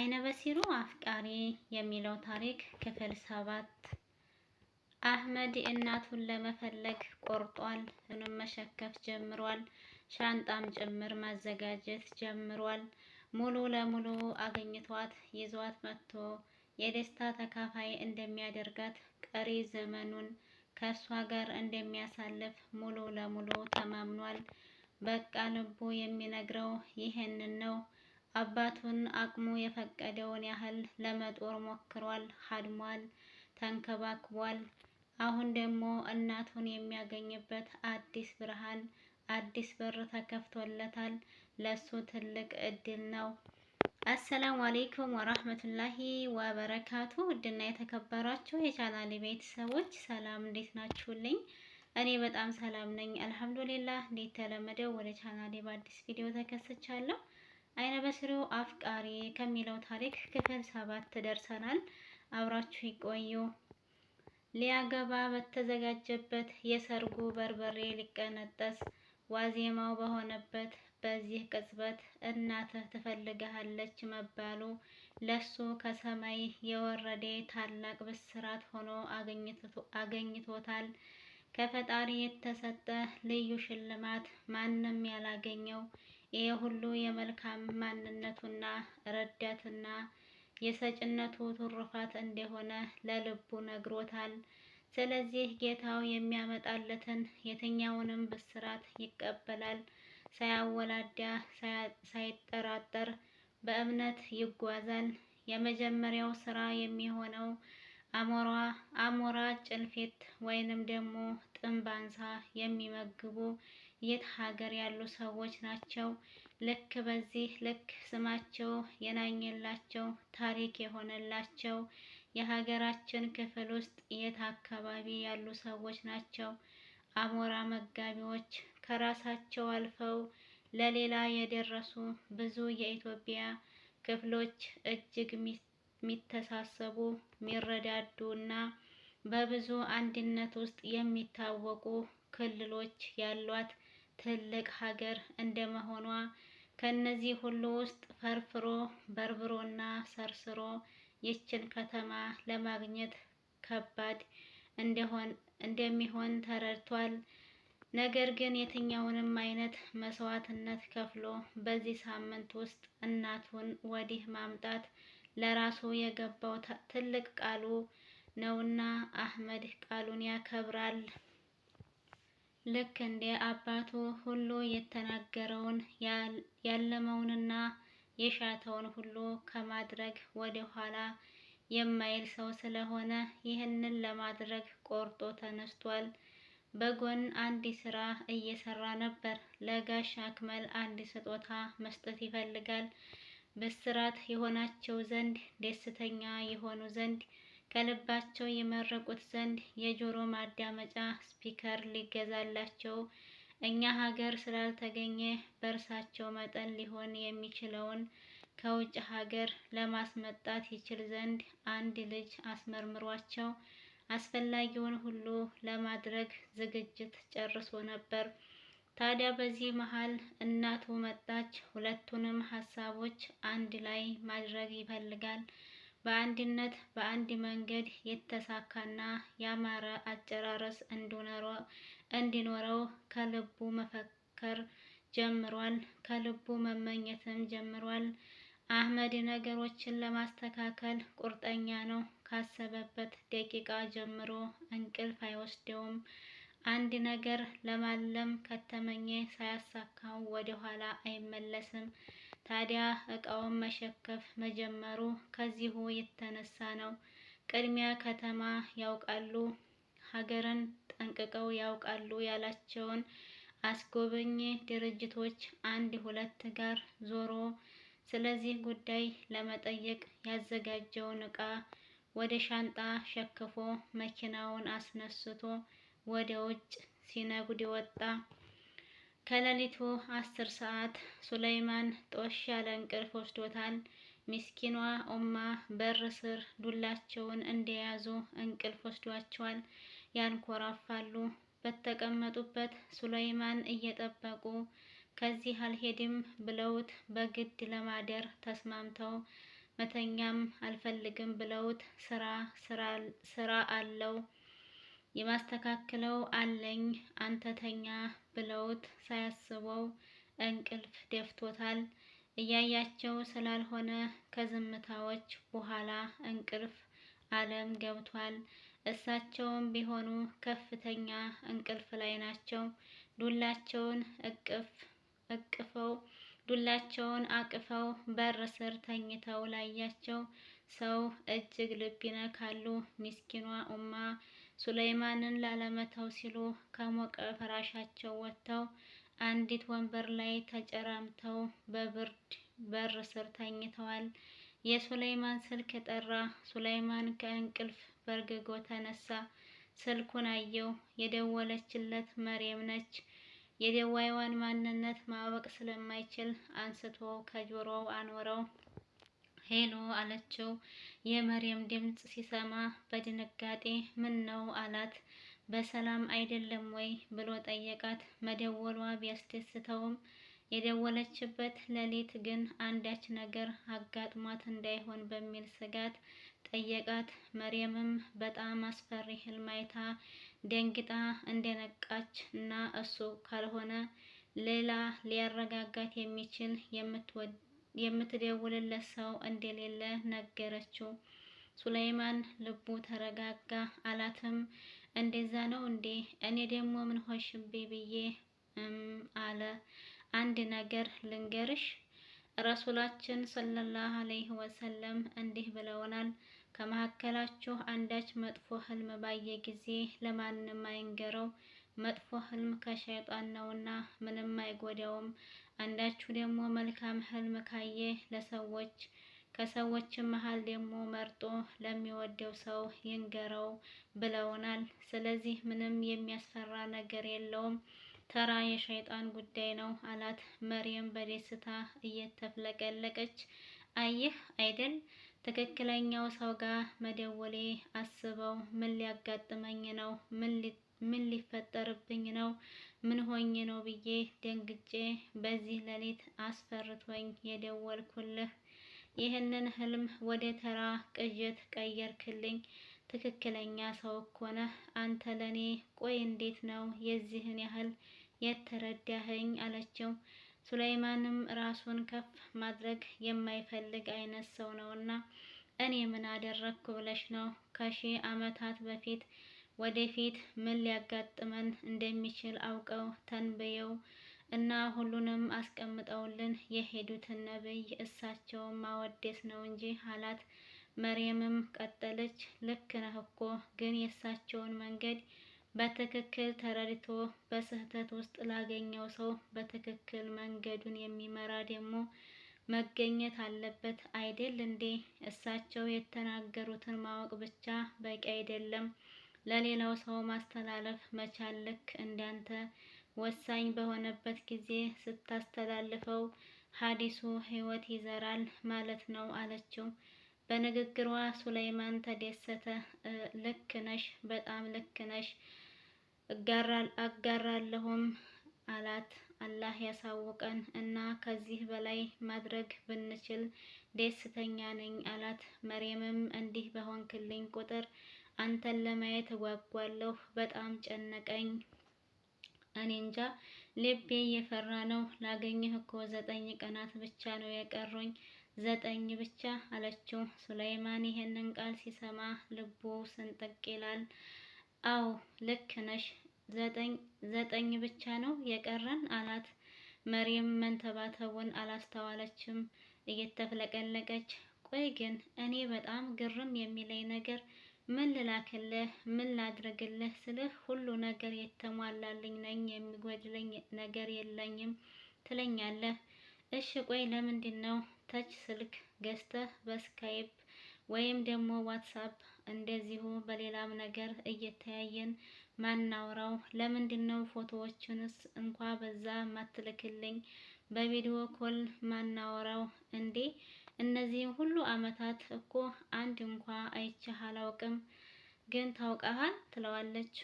አይነ በሲሩ አፍቃሪ የሚለው ታሪክ ክፍል ሰባት አህመድ እናቱን ለመፈለግ ቆርጧል። እሱንም መሸከፍ ጀምሯል። ሻንጣም ጭምር ማዘጋጀት ጀምሯል። ሙሉ ለሙሉ አገኝቷት ይዟት መጥቶ የደስታ ተካፋይ እንደሚያደርጋት፣ ቀሪ ዘመኑን ከእሷ ጋር እንደሚያሳልፍ ሙሉ ለሙሉ ተማምኗል። በቃ ልቡ የሚነግረው ይህንን ነው። አባቱን አቅሙ የፈቀደውን ያህል ለመጦር ሞክሯል፣ ሀድሟል፣ ተንከባክቧል። አሁን ደግሞ እናቱን የሚያገኝበት አዲስ ብርሃን፣ አዲስ በር ተከፍቶለታል። ለሱ ትልቅ እድል ነው። አሰላሙ አሌይኩም ወራህመቱላሂ ወበረካቱ። ውድና የተከበራችሁ የቻናል ቤተሰቦች ሰላም፣ እንዴት ናችሁልኝ? እኔ በጣም ሰላም ነኝ አልሐምዱሊላህ። እንደተለመደው ወደ ቻናሌ በአዲስ ቪዲዮ ተከስቻለሁ። አይነ በስሬው አፍቃሪ ከሚለው ታሪክ ክፍል ሰባት ደርሰናል። አብራችሁ ይቆዩ። ሊያገባ በተዘጋጀበት የሰርጉ በርበሬ ሊቀነጠስ ዋዜማው በሆነበት በዚህ ቅጽበት እናትህ ትፈልግሃለች መባሉ ለሱ ከሰማይ የወረደ ታላቅ ብስራት ሆኖ አገኝቶታል። ከፈጣሪ የተሰጠ ልዩ ሽልማት ማንም ያላገኘው ይህ ሁሉ የመልካም ማንነቱና ረዳትና የሰጭነቱ ትሩፋት እንደሆነ ለልቡ ነግሮታል። ስለዚህ ጌታው የሚያመጣለትን የትኛውንም ብስራት ይቀበላል። ሳያወላዳ ሳይጠራጠር በእምነት ይጓዛል። የመጀመሪያው ስራ የሚሆነው አሞራ አሞራ ጭልፊት ወይንም ደግሞ ጥንባንሳ የሚመግቡ የት ሀገር ያሉ ሰዎች ናቸው። ልክ በዚህ ልክ ስማቸው የናኘላቸው ታሪክ የሆነላቸው የሀገራችን ክፍል ውስጥ የት አካባቢ ያሉ ሰዎች ናቸው። አሞራ መጋቢዎች ከራሳቸው አልፈው ለሌላ የደረሱ ብዙ የኢትዮጵያ ክፍሎች እጅግ የሚተሳሰቡ የሚረዳዱ እና በብዙ አንድነት ውስጥ የሚታወቁ ክልሎች ያሏት ትልቅ ሀገር እንደመሆኗ ከነዚህ ሁሉ ውስጥ ፈርፍሮ በርብሮና ሰርስሮ ይችን ከተማ ለማግኘት ከባድ እንደሚሆን ተረድቷል። ነገር ግን የትኛውንም አይነት መስዋዕትነት ከፍሎ በዚህ ሳምንት ውስጥ እናቱን ወዲህ ማምጣት ለራሱ የገባው ትልቅ ቃሉ ነውና አህመድ ቃሉን ያከብራል። ልክ እንደ አባቱ ሁሉ የተናገረውን ያለመውንና የሻተውን ሁሉ ከማድረግ ወደ ኋላ የማይል ሰው ስለሆነ ይህንን ለማድረግ ቆርጦ ተነስቷል። በጎን አንድ ስራ እየሰራ ነበር። ለጋሽ አክመል አንድ ስጦታ መስጠት ይፈልጋል። ብስራት የሆናቸው ዘንድ ደስተኛ የሆኑ ዘንድ ከልባቸው የመረቁት ዘንድ የጆሮ ማዳመጫ ስፒከር ሊገዛላቸው እኛ ሀገር ስላልተገኘ በእርሳቸው መጠን ሊሆን የሚችለውን ከውጭ ሀገር ለማስመጣት ይችል ዘንድ አንድ ልጅ አስመርምሯቸው አስፈላጊውን ሁሉ ለማድረግ ዝግጅት ጨርሶ ነበር። ታዲያ በዚህ መሀል እናቱ መጣች። ሁለቱንም ሀሳቦች አንድ ላይ ማድረግ ይፈልጋል። በአንድነት በአንድ መንገድ የተሳካና ያማረ አጨራረስ እንዲኖረው ከልቡ መፈከር ጀምሯል። ከልቡ መመኘትም ጀምሯል። አህመድ ነገሮችን ለማስተካከል ቁርጠኛ ነው። ካሰበበት ደቂቃ ጀምሮ እንቅልፍ አይወስደውም። አንድ ነገር ለማለም ከተመኘ ሳያሳካው ወደ ኋላ አይመለስም። ታዲያ እቃውን መሸከፍ መጀመሩ ከዚሁ የተነሳ ነው። ቅድሚያ ከተማ ያውቃሉ፣ ሀገርን ጠንቅቀው ያውቃሉ ያላቸውን አስጎብኝ ድርጅቶች አንድ ሁለት ጋር ዞሮ ስለዚህ ጉዳይ ለመጠየቅ ያዘጋጀውን እቃ ወደ ሻንጣ ሸክፎ መኪናውን አስነስቶ ወደ ውጭ ሲነጉድ ወጣ። ከሌሊቱ አስር ሰዓት ሱለይማን ጦሽ ያለ እንቅልፍ ወስዶታል። ሚስኪኗ ኡማ በር ስር ዱላቸውን እንደያዙ እንቅልፍ ወስዷቸዋል። ያንኮራፋሉ። በተቀመጡበት ሱለይማን እየጠበቁ ከዚህ አልሄድም ብለውት በግድ ለማደር ተስማምተው መተኛም አልፈልግም ብለውት ስራ ስራ አለው የማስተካከለው አለኝ አንተተኛ ብለውት ሳያስበው እንቅልፍ ደፍቶታል። እያያቸው ስላልሆነ ከዝምታዎች በኋላ እንቅልፍ ዓለም ገብቷል። እሳቸውም ቢሆኑ ከፍተኛ እንቅልፍ ላይ ናቸው። ዱላቸውን እቅፍ እቅፈው ዱላቸውን አቅፈው በር ስር ተኝተው ላያቸው ሰው እጅግ ልብ ይነካሉ። ሚስኪኗ ኡማ ሱለይማንን ላለመተው ሲሉ ከሞቀ ፍራሻቸው ወጥተው አንዲት ወንበር ላይ ተጨራምተው በብርድ በር ስር ተኝተዋል። የሱለይማን ስልክ የጠራ። ሱለይማን ከእንቅልፍ በርግጎ ተነሳ። ስልኩን አየው። የደወለችለት መሬም ነች። የደዋይዋን ማንነት ማወቅ ስለማይችል አንስቶ ከጆሮው አኖረው። ሄሎ አለችው። የመርየም ድምፅ ሲሰማ በድንጋጤ ምን ነው አላት። በሰላም አይደለም ወይ ብሎ ጠየቃት። መደወሏ ቢያስደስተውም የደወለችበት ሌሊት ግን አንዳች ነገር አጋጥሟት እንዳይሆን በሚል ስጋት ጠየቃት። መርየምም በጣም አስፈሪ ህልም አይታ ደንግጣ እንደነቃች እና እሱ ካልሆነ ሌላ ሊያረጋጋት የሚችል የምትወድ የምትደውልለት ሰው እንደሌለ ነገረችው። ሱለይማን ልቡ ተረጋጋ። አላትም እንደዛ ነው እንዴ? እኔ ደግሞ ምን ሆሽቤ ብዬ አለ። አንድ ነገር ልንገርሽ፣ ረሱላችን ሰለላሁ ዐለይሂ ወሰለም እንዲህ ብለውናል፣ ከመሀከላችሁ አንዳች መጥፎ ህልም ባየ ጊዜ ለማንም አይንገረው፣ መጥፎ ህልም ከሸይጣን ነውና ምንም አይጎዳውም። አንዳችሁ ደግሞ መልካም ህልም ካየ ለሰዎች ከሰዎች መሀል ደግሞ መርጦ ለሚወደው ሰው ይንገረው ብለውናል። ስለዚህ ምንም የሚያስፈራ ነገር የለውም፣ ተራ የሸይጣን ጉዳይ ነው አላት። መርየም በደስታ እየተፍለቀለቀች አየህ አይደል ትክክለኛው ሰው ጋር መደወሌ አስበው ምን ሊያጋጥመኝ ነው? ምን ምን ሊፈጠርብኝ ነው? ምን ሆኜ ነው ብዬ ደንግጬ በዚህ ሌሊት አስፈርቶኝ የደወልኩልህ። ይህንን ህልም ወደ ተራ ቅዠት ቀየርክልኝ። ትክክለኛ ሰው እኮ ነህ አንተ ለኔ። ቆይ እንዴት ነው የዚህን ያህል የተረዳኸኝ? አለችው። ሱላይማንም ራሱን ከፍ ማድረግ የማይፈልግ አይነት ሰው ነውና እኔ ምን አደረግኩ ብለሽ ነው ከሺህ ዓመታት በፊት ወደፊት ምን ሊያጋጥመን እንደሚችል አውቀው ተንብየው እና ሁሉንም አስቀምጠውልን የሄዱትን ነቢይ እሳቸውን ማወደስ ነው እንጂ አላት። መርየምም ቀጠለች፣ ልክ ነህ እኮ ግን የእሳቸውን መንገድ በትክክል ተረድቶ በስህተት ውስጥ ላገኘው ሰው በትክክል መንገዱን የሚመራ ደግሞ መገኘት አለበት አይደል እንዴ? እሳቸው የተናገሩትን ማወቅ ብቻ በቂ አይደለም። ለሌላው ሰው ማስተላለፍ መቻል ልክ እንዳንተ ወሳኝ በሆነበት ጊዜ ስታስተላልፈው ሀዲሱ ህይወት ይዘራል ማለት ነው አለችው። በንግግሯ ሱላይማን ተደሰተ። ልክ ነሽ፣ በጣም ልክ ነሽ፣ አጋራለሁም አላት። አላህ ያሳውቀን እና ከዚህ በላይ ማድረግ ብንችል ደስተኛ ነኝ አላት። መሬምም እንዲህ በሆንክልኝ ቁጥር አንተን ለማየት እጓጓለሁ። በጣም ጨነቀኝ። እኔ እንጃ ልቤ እየፈራ ነው። ላገኘህ እኮ ዘጠኝ ቀናት ብቻ ነው የቀሩኝ፣ ዘጠኝ ብቻ አለችው። ሱላይማን ይሄንን ቃል ሲሰማ ልቡ ስንጥቅ ይላል። አዎ ልክ ነሽ፣ ዘጠኝ ዘጠኝ ብቻ ነው የቀረን አላት። መሪም መንተባተቡን አላስተዋለችም፣ እየተፍለቀለቀች ቆይ ግን እኔ በጣም ግርም የሚለኝ ነገር ምን ልላክልህ፣ ምን ላድርግልህ ስልህ ሁሉ ነገር የተሟላልኝ ነኝ፣ የሚጎድለኝ ነገር የለኝም ትለኛለህ። እሺ ቆይ ለምንድን ነው ተች ስልክ ገዝተህ በስካይፕ ወይም ደግሞ ዋትሳፕ እንደዚሁ በሌላም ነገር እየተያየን ማናውራው? ለምንድን ነው ፎቶዎችንስ እንኳ በዛ ማትልክልኝ? በቪዲዮ ኮል ማናወራው እንዴ? እነዚህም ሁሉ አመታት እኮ አንድ እንኳ አይቼህ አላውቅም፣ ግን ታውቀሃል ትለዋለች።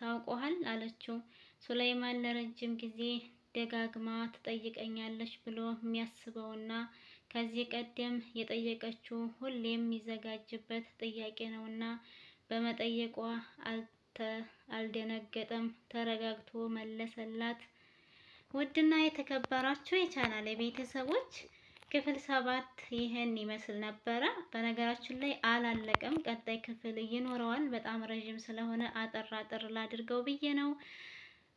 ታውቆሃል አለችው። ሱለይማን ለረጅም ጊዜ ደጋግማ ትጠይቀኛለች ብሎ የሚያስበውና ከዚህ ቀደም የጠየቀችው ሁሌም የሚዘጋጅበት ጥያቄ ነውና በመጠየቋ አልደነገጠም፣ ተረጋግቶ መለሰላት። ውድና የተከበራችሁ የቻናል ቤተሰቦች ክፍል ሰባት ይህን ይመስል ነበረ። በነገራችን ላይ አላለቀም፣ ቀጣይ ክፍል ይኖረዋል። በጣም ረዥም ስለሆነ አጠር አጠር ላድርገው ብዬ ነው።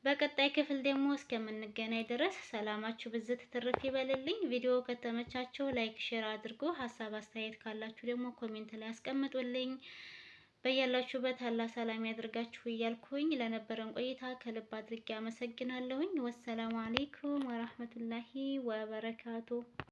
በቀጣይ ክፍል ደግሞ እስከምንገናኝ ድረስ ሰላማችሁ ብዝት ትርፍ ይበልልኝ። ቪዲዮ ከተመቻችሁ ላይክ፣ ሼር አድርጎ ሀሳብ አስተያየት ካላችሁ ደግሞ ኮሜንት ላይ አስቀምጡልኝ። በያላችሁበት አላ ሰላም ያድርጋችሁ እያልኩኝ ለነበረን ቆይታ ከልብ አድርጌ አመሰግናለሁኝ። ወሰላሙ አሌይኩም ወራህመቱላሂ ወበረካቱ